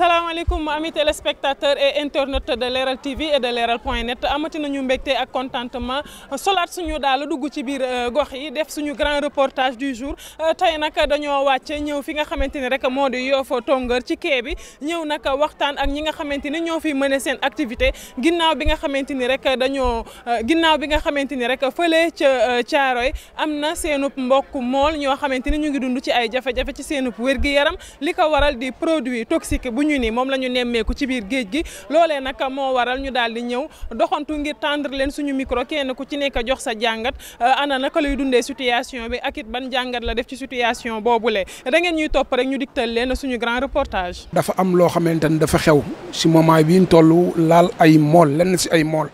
salaamaaleykum amis téléspectateurs et internautes de Leral TV et de Leral point net amati nañu mbégte ak contentement solaat suñu daal dugg ci biir euh, gox yi def suñu grand reportage du jour euh, tey nag dañoo wàcce ñëw fi nga xamante ni rek moo di Yoff Tongoor ci quai bi ñëw nag waxtaan ak ñi nga xamante ni ñoo fi mëne seen activité ginnaaw bi nga xamante ni rek dañoo euh, ginnaaw bi nga xamante ni rek fële ca Caaroy am na seenub mbokk mool ñoo xamante ni ñu ngi dund ci ay jafe-jafe ci seenub wér-gi-yaram li ko waral di produit toxique ñu ni moom la ñu nemmeeku ci biir géej gi loolee nag moo waral ñu daal di ñëw doxantu ngir tendre leen suñu micro kenn ku ci nekk jox sa jàngat euh, ana naka lay dundee situation bi ak it ban jàngat la def ci situation boobule da ngeen ñuy topp rek ñu digtal leen suñu grand reportage. dafa am loo xamante ni dafa xew si moment bii ñu toll laal ay mool lenn si ay mool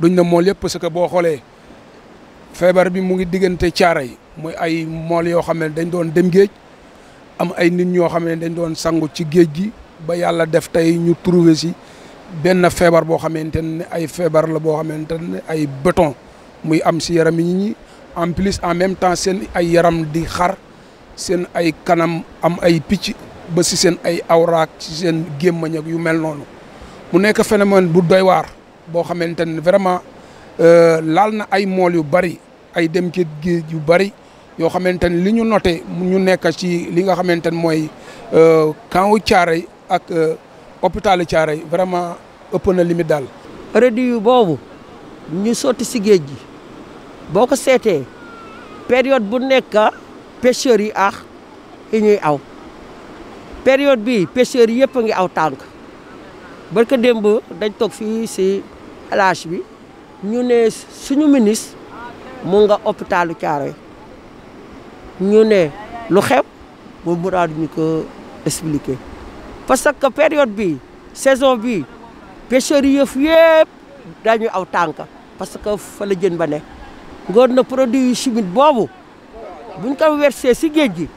duñ na mool yëpp parce que boo xoolee feebar bi mu ngi diggante caara yi muy ay mool yoo xam ne dañ doon dem géej am ay nit ñoo xam ne dañ doon sangu ci géej gi. ba yàlla def tey ñu trouver si benn feebar boo xamante ne ay feebar la boo xamante ay béton muy am si yaram yi ñi en plus en même temps seen ay yaram di xar seen ay kanam am ay picc ba si seen ay awraak si seen gémmañ ak yu mel noonu mu nekk phénomène bu doy waar boo xamante ne vraiment euh, laal na ay mool yu bari ay dem ci géej yu bari yoo xamante ne li ñu mu ñu nekk si li nga xamante ne mooy euh, camp wu Thiaroye ak euh, hôpitalu Thiaroye vraiment ëpp na limite daal. réduit boobu ñu sotti si géej gi boo ko seetee période bu nekk ah, pêcheurs yi ax i ñuy aw période bi pêcheurs yëpp a ngi aw tànk barka démb dañ toog fii si alage bi ñu ne suñu ministre mu nga hôpitalu Thiaroye ñu ne lu xew moom mu daal ñu ko expliquer parce que période bi saison bi pêcherie yëf yëpp dañu aw tànk parce que fa la ba nekk ngoon na produit chimique boobu buñ ko versé si géej gi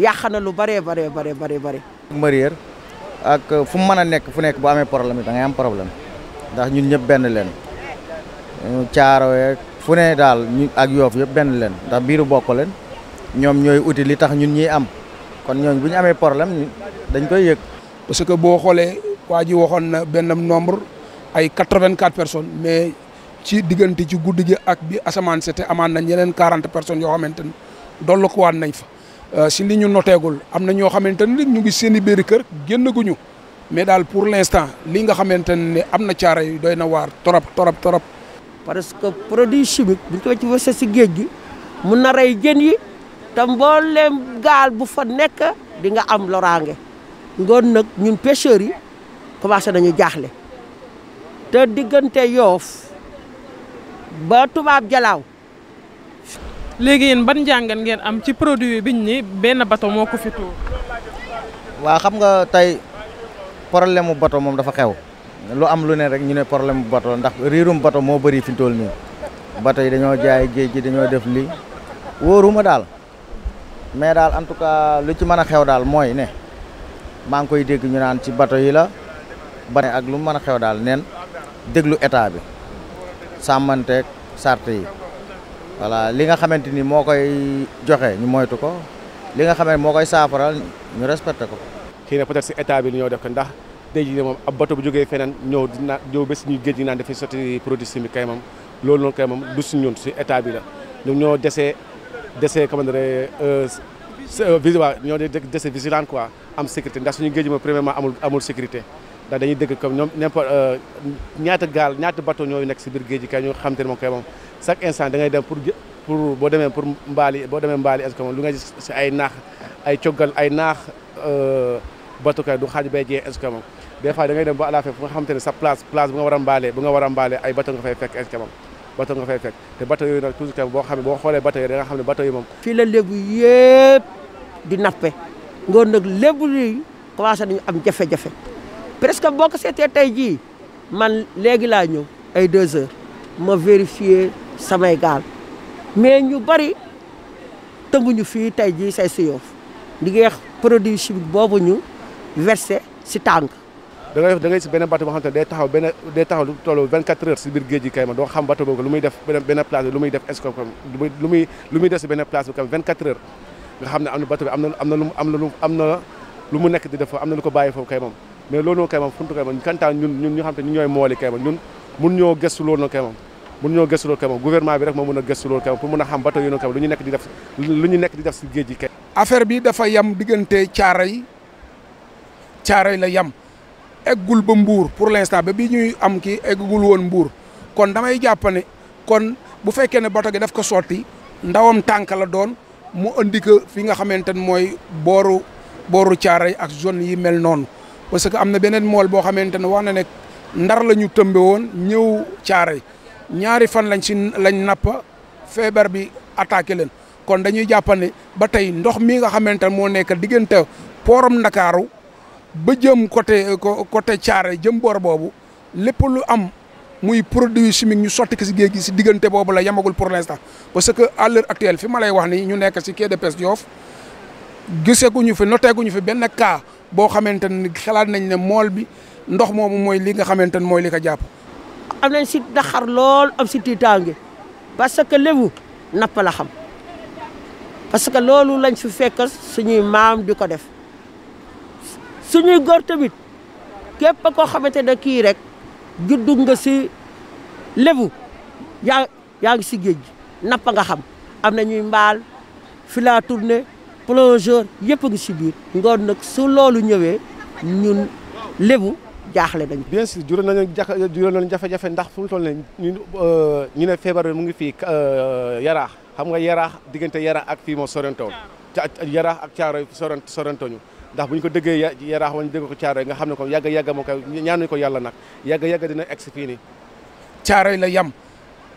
yàq na lu bëree bare bare bare bëri mareyeur ak euh, fu mu mën a nekk fu nekk bu amee problème yi dangay am problème ndax ñun ñëpp benn leen euh, caarowee fu ne daal ñu ak yoof yëpp benn leen ndax biiru bokk leen ñoom ñooy uti li tax ñun ñuy am kon ñooñ bu ñu amee problème dañ koy yëg parce que boo xoolee waa ji waxoon na benn nombre ay quatre-vingt-quatre personnes mais ci diggante ci guddi gi ak bi asamaan sete amaan nañ yeneen quarante personnes yoo xamante ni dollu ko waan nañ fa euh, si li ñu noteegul am na ñoo xamante ni ñu ngi seen i biir kër génn guñu mais daal pour l'instant lii nga xamante ne am na caare yu doy na waar torop torop torop parce que produit chimique bu ñu ko ci wëse si géej gi mun na rey jën yi te le gaal bu fa nekk di nga am loraange ngoon nag ñun pêcheurs yi commencé nañu jaaxle te diggante yoof ba tubaab jalaaw léegi yéen ban njàngat ngeen am ci produit biñ ni benn bato moo ko fi waa xam nga tey problème mu bato moom dafa xew lu am lu ne rek ñu ne problème mu bato ndax riirum bato moo bëri fi tool nii bato yi dañoo jaay géej gi dañoo def lii wóoruma daal mais daal en tout cas lu ci mën a xew daal mooy ne maa ngi koy dégg ñu naan ci bato yi la ba ak lu mën a xew daal neen déglu état bi sàmmanteeg sart voilà li nga xamante ni moo koy joxe ñu moytu ko li nga xamante moo koy saafaral ñu respecté ko. xëy na peut-être si état bi ñoo def ko ndax tey jii moom ab bato bu jógee feneen ñëw dina ñëw ba géej gi naan dafay sotti produit chimique kay moom loolu noonu kay moom du si ñun si état bi la ñoom ñoo desee desee comment euh, Euh, waa ñoo de dese vigilante quoi am sécurité ndax suñu géej ma premièrement amul amul sécurité ndax dañuy dëkk comme ñoom n'importe euh, ñaata gaal ñaata bateau ñooyu nekk si biir géej gi ñoo xam te ne moom koy moom chaque instant da ngay pour pour boo demee pour mbaali boo demee mbaali est-ce que moom lu nga gis ay naax ay ay naax euh, bateau kay du xaaj bay jee est-ce moom des fois dem ba à la fu nga xam te ne sa place place bu nga war a mbaalee bu nga war a mbaalee ay bato nga fay fekk est-ce moom bateau nga fay fekk te bateau yooyu nag toujours tam boo xam ne boo xoolee bateau yi da nga xam ne bateau yi moom fii la léegi yëpp di nappe ngoon nag lépp luy commencé nañu am jafe-jafe presque boo ko seetee tey jii man léegi laa ñëw ay deux heures ma vérifier samay gaal mais ñu bari tënguñu fii tey jii say suyoof di ngeex produit chimique boobu ñu versé si tànk da ngay da ngay si benn xam te ne day taxaw benn day taxaw lu toll 24 heures si def si benn bi am na bateau bi am na am na lu am na lu am na lu mu def ko bàyyi foofu kay moom mais loolu noonu kay moom funtu kay moom kantaan ñun ñun ñu xam te ñu bi rek moo mun a a xam bateau yi si géej gi kay affaire bi dafa yam diggante caaray caaray la yam eggul ba mbuur pour l'instant ba bi ñuy am kii eggul woon mbuur kon damay jàpp kon bu fekkee ne bato daf ko sotti ndawam tànk la doon mu andi ko fi nga xamante ne mooy booru booru caaray ak zone yi mel noonu parce que am na beneen mool boo xamante ne wax na ne ndar la ñu tëmbe woon ñëw caaray ñaari fan lañ si lañ napp feebar bi attaqué leen kon dañuy jàpp ba tey ndox mi nga xamante ne moo nekk diggante pooram ndakaaru ba jëm côté côté Thiaré jëm boor boobu lépp lu am muy produit chimique ñu sotti ko si géej gi si diggante boobu la yamagul pour l'instant parce que à l'heure actuelle fi ma lay wax ni ñu nekk si quai de pêche Yoff giseguñu fi noteeguñu fi benn cas boo xamante ni xalaat nañ ne mool bi ndox moomu mooy li nga xamante ne mooy li ko jàpp. am nañ si daxar lool am si tiitaange parce que Lebu napp xam parce que loolu lañ fi fekk suñuy maam di ko def. suñuy góor tamit képp koo xamante ne kii rek juddu nga si lebu yaa yaa ngi si géej gi napp nga xam am na ñuy mbaal fila tourné plongeur yëpp ngi si biir ngoon nag su loolu ñëwee ñun lebu jaaxle nañu. bien sûr jural nañu jafe jural jafe ndax fu mu toll ne euh, ñu ne feebar bi mu ngi fii euh, yaraax xam nga yaraax diggante yaraax ak fii moo sorantoon ca yaraax ak caaro sorant sorantoñu ndax bu ñu ko dëggee yaraax wala ñu dëgg ko caaroy nga xam ne ko yàgg yàgg moo koy ñaanuñ ko yàlla yàgg yàgg dina egg si fii nii caaroy la yam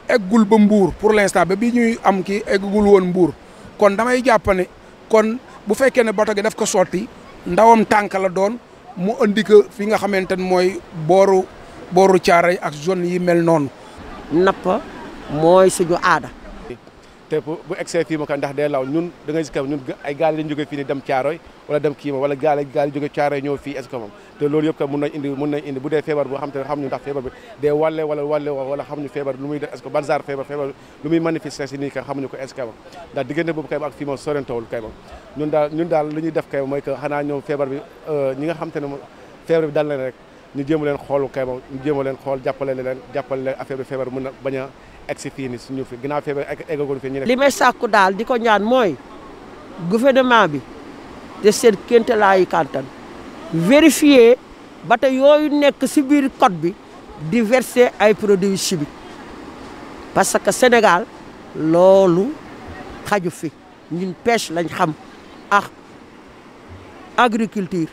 eggul ba mbuur pour l'instant ba bi ñuy am kii eggul woon mbuur kon damay jàpp ne kon bu fekkee ne bato gi daf ko sorti ndawam tànkala la doon mu andi ko fi nga xamante ne mooy booru booru caaroy ak zone yi mel noonu napp mooy suñu aada te bu egsee fii ma ko ndax day law ñun da ngay gis que ñun ay gaal lañ jógee fii ni dem Caaroy wala dem kii ma wala gaal gaal jógee Caaroy fii est-ce que te loolu yëpp que mun indi mun na indi bu dee feebar boo xam te ne xam ñu ndax ñu muy def est-ce que ko est-ce que moom kay ma ak fii daal ñun daal lu ñuy def kay mooy que xanaa ñoom feebar bi euh, ñi nga xam ne feebar bi dal leen rek ñu jéem leen xoolu kay moom ñu jéem leen xool jàppale leen jàppale leen affaire bi feebar mun na bañ egg si fii ni suñu fi ginnaaw feebar eggagoon fi ñu ne li may sàkku daal di ko ñaan mooy gouvernement bi de seen kéntelaayu kàntan vérifier ba te yooyu nekk si biir code bi di verser ay produits chimiques parce que Sénégal loolu xaju fi ñun pêche lañ xam a agriculture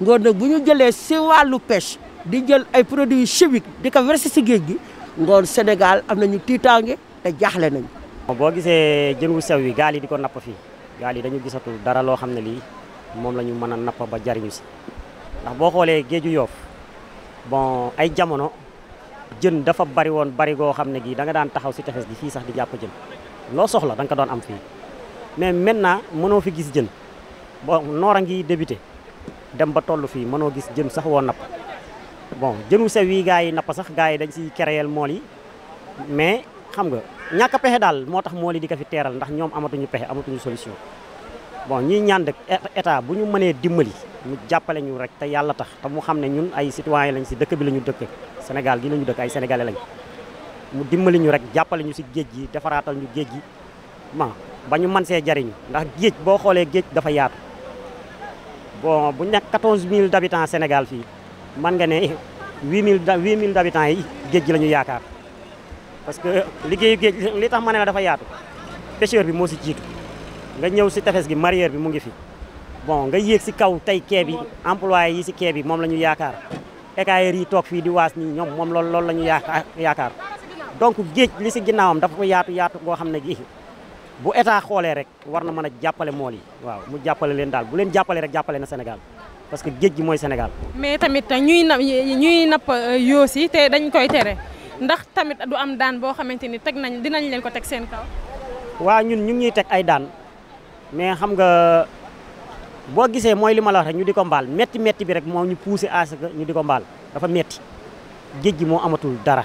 ngoon nag bu ñu jëlee si wàllu pêche di jël ay produits chimiques di ko verser si géej gi ngoon Sénégal am nañu tiitaange te jaxle nañu. boo gisee jën wu sew yi gaal yi di ko napp fii gaal yi dañu gisatul dara loo xam ne lii moom la ñu mën a napp ba jariñu si ndax boo xoolee géeju yoof bon ay jamono jën dafa bari woon bari goo xam ne gii da nga daan taxaw si tefes gi fii sax di jàpp jën loo soxla da ko doon am fii mais maintenant mënoo fi gis jën bon noor a ngi débuté dem ba toll fii mënoo gis jën sax woo napp bon jënu sew yi gars yi napp sax gars yi dañ siy kereyel mool yi mais xam nga ñàkk a pexe daal moo tax mooli di ko fi teeral ndax ñoom amatuñu pexe amatuñu solution bon ñuy ñaan dëkk état bu ñu mënee dimbali mu jàppale rek te yàlla tax te mu xam ne ñun ay citoyen lañ si dëkk bi la dëkk Sénégal gi la ñu dëkk ay sénégalais lañ mu dimbali ñu rek jàppaleñu si géej gi defaraatal ñu géej gi ma ba ñu mën see jariñu ndax géej boo xoolee géej dafa yaatu bon bu ñu nekk 14000 d' habitants Sénégal fii man nga ne 8000 8000 d'habitants yi géej gi la ñu yaakaar parce que liggéeyu géej li tax ma ne dafa yaatu pêcheur bi moo si jiitu nga ñëw si tefes gi mareyeur bi mu ngi fi bon nga yéeg si kaw tey quai bi employé yi si quai bi moom la ñu yaakaar écailleur yi toog fii di waas nii ñoom moom loolu loolu la ñu yaakaar donc géej li si ginnaawam dafa ko yaatu yaatu goo xam ne gi bu état xoolee rek war na mën a jàppale mool yi waaw mu jàppale leen daal bu leen jàppale rek jàppale na Sénégal parce que géej gi mooy Sénégal. mais tamit ñuy na ñuy napp euh, yoosi te dañ koy tere ndax tamit du am daan boo xamante ni teg nañ dinañ leen ko teg seen kaw. waa ñun ñu ngi ñuy teg ay daan mais xam nga boo gisee mooy li ma la wax rek ñu di ko mbaal métti métti bi rek moo ñu poussé à ce ñu di ko mbaal dafa métti géej gi moo amatul dara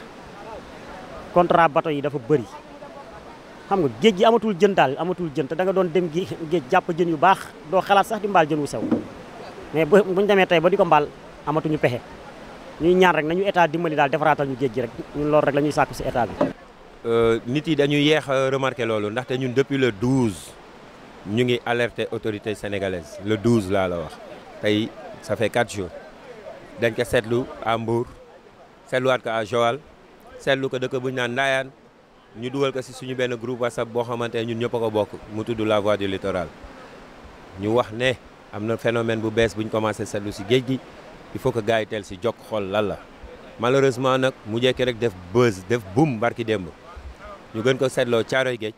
contrat bato yi dafa bëri. xam nga géej gi amatul jën daal amatul jën te da doon dem gi géej jàpp jën yu baax doo xalaat sax di mbaal jën wu sew mais bu buñu demee tey ba di ko mbaal amatuñu pexe ñuy ñaan rek nañu état dimbali daal defaraatal ñu géej gi rek ñun loolu rek la ñuy sàkku si état bi euh, nit yi dañuy yeex a remarqué loolu ndaxte ñun depuis le 12 ñu ngi alerté autorité sénégalaise le 12 laa la wax tey ça fait 4 dañ ko seetlu à Mbour seetluwaat ko à Joal seetlu ko dëkk bu naan Ndayane ñu dugal ko si suñu benn groupe WhatsApp boo xamante ne ñun ñëpp a ko bokk mu tudd la voix du littoral ñu wax ne am na phénomène bu bees bu ñu commencé seetlu si géej gi il faut que gars yi teel si jokk xool lan la malheureusement nag mu jekki rek def buzz def boom barki démb ñu gën ko seetloo caaroy géej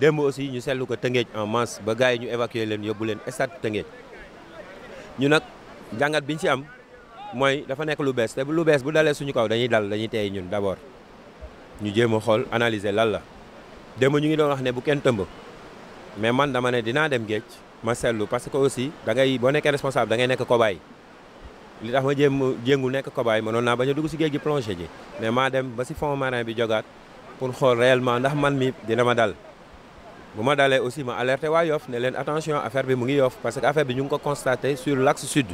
démb aussi ñu seetlu ko tëngeej en masse ba gars yi ñu évacuer leen yóbbu leen stade tëngeej ñu nag jàngat bi ñu si am mooy dafa nekk lu bees te lu bees bu dalee suñu kaw dañuy dal dañuy tey ñun d'abord ñu jéem a xool analyser lan la démb ñu ngi doon wax ne bu kenn tëmb mais man dama ne dinaa dem géej ma seetlu parce que aussi da ngay boo nekkee responsable da ngay nekk cobaye li tax ma jéem jéngu nekk cobaye mënoon naa bañ a dugg si géej gi plongé ji mais maa dem ba si fond marin bi jogaat pour xool réellement ndax man mi dina ma dal bu ma dalee aussi ma alerté waa Yoff ne leen attention affaire bi mu ngi Yoff parce que affaire bi ñu ngi ko constaté sur l'axe sud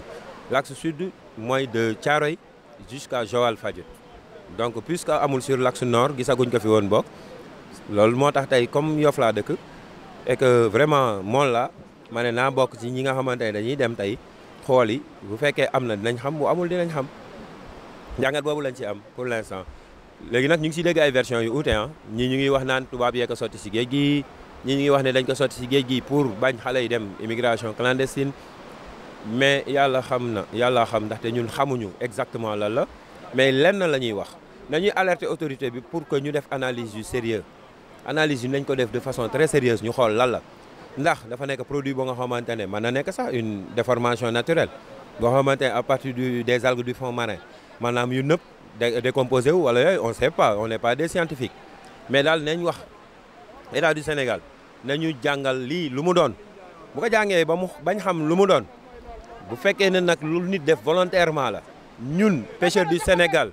l'axe sud mooy de Thiaroye jusqu'à Joal Fadiouth donc puisque amul sur l'axe nord gisaguñ ko fi woon bokk loolu moo tax tey comme Yoff laa dëkk et que vraiment mool la ma ne naa bokk ci ñi nga xamante ne dañuy dem tey xool yi bu fekkee am na dinañ xam bu amul dinañ xam njàngat boobu lañ ci am pour l'instant léegi nag ñu ngi si dégg ay version yu uute ah ñii ñu ngi wax naan tubaab yee ko sotti si géej gi ñii ñu ngi wax ne dañ ko sotti si géej gi pour bañ xale yi dem immigration clandestine mais yàlla xam na yàlla xam ndaxte ñun xamuñu exactement lan la mais lenn la ñuy wax nañuy alerte autorité bi pour que ñu def analyse yu sérieux analyse nañ ko def de façon très ñu xool lan la ndax dafa nekk produit boo nga xamante ne mën na nekk sax une déformation naturelle boo xamante ne à partir du des algues du fond marin maanaam yu nëpp décomposé wu wala yooyu on sait pas on n'est pas des scientifiques mais daal nañ wax état du Sénégal nañu jàngal lii lu mu doon bu ko jàngee ba mu bañ xam lu mu doon bu fekkee ne nag lu nit def volontairement la ñun pêcheurs du Sénégal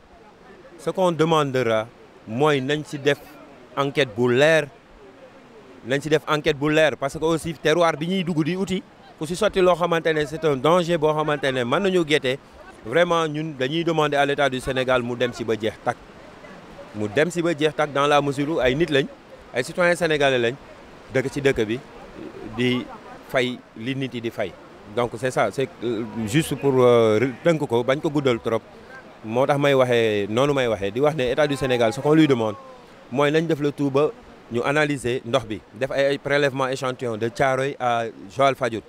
ce qu'on demandera mooy nañ si def enquête bu leer nañ si def enquête bu leer parce que aussi terroir bi ñuy dugg di uti ku si sotti loo xamante ne c'est un danger boo xamante ne mën nañu guettee vraiment ñun dañuy demander à l'état du Sénégal mu dem si ba jeex tak mu dem si ba jeex tak dans la mesure ay nit lañ ay citoyens sénégalais lañ dëkk ci dëkk bi di fay li nit yi di fay donc c'est ça c'est juste pour euh, tënk ko bañ ko guddal trop moo tax may waxee noonu may waxee di wax ne état du Sénégal ce qu'on ñu analyser ndox bi def ay prélèvement échantillon de Thiaroye à Joal Fadiouth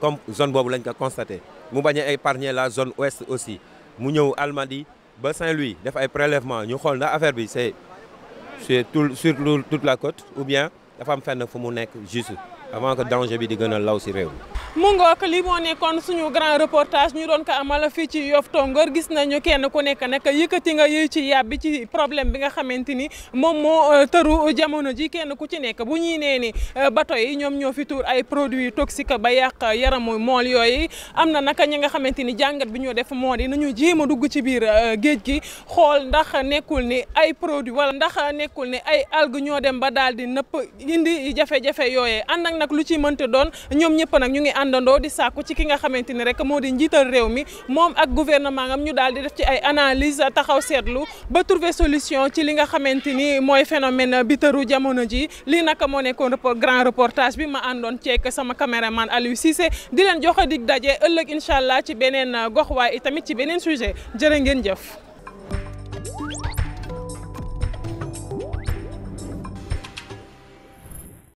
comme zone boobu lañ ko constaté mu bañ a épargner la zone ouest aussi mu ñëw Almadies ba Saint-Louis def ay prélèvement ñu xool ndax affaire bi c'est sur tout sur toute la côte ou bien dafa fenn fu mu nekk juste avant que danger bi di gën a law si réew mi. mu ngook li moo nekkoon suñu grand reportage ñu doon ko amal fii ci Yoff Tongoor gis nañu kenn ku nekk nag yëkkati nga yëy ci yàbbi ci problème bi nga xamante ni moom moo euh, tëru jamono ji kenn ku ci nekk bu ñuy nee ni euh, bato yi ñoom ñoo fi tuur ay produits toxiques ba yàq yaramu mool yooyu am na naka ñi nga xamante ni jàngat bi ñoo def moo di nañu jéem a dugg ci biir euh, géej gi xool ndax nekkul ni ay produits wala ndax nekkul ni ay algues ñoo dem ba daal di nëpp indi jafe-jafe yooyee nag lu ci mënta doon ñoom ñëpp nag ñu ngi àndandoo di sàkku ci ki nga xamante ni rek moo di njiital réew mi moom ak gouvernement am ñu daal di def ci ay analyse taxaw seetlu ba trouver solution ci li nga xamante ni mooy phénomène bi tëru jamono ji lii nag moo nekkoon grand reportage bi ma àndoon ceek sama caméraman Aliou Cissé di leen joxe dig daje ëllëg incha allah ci beneen gox waaye tamit ci beneen sujet jërë ngeen jëf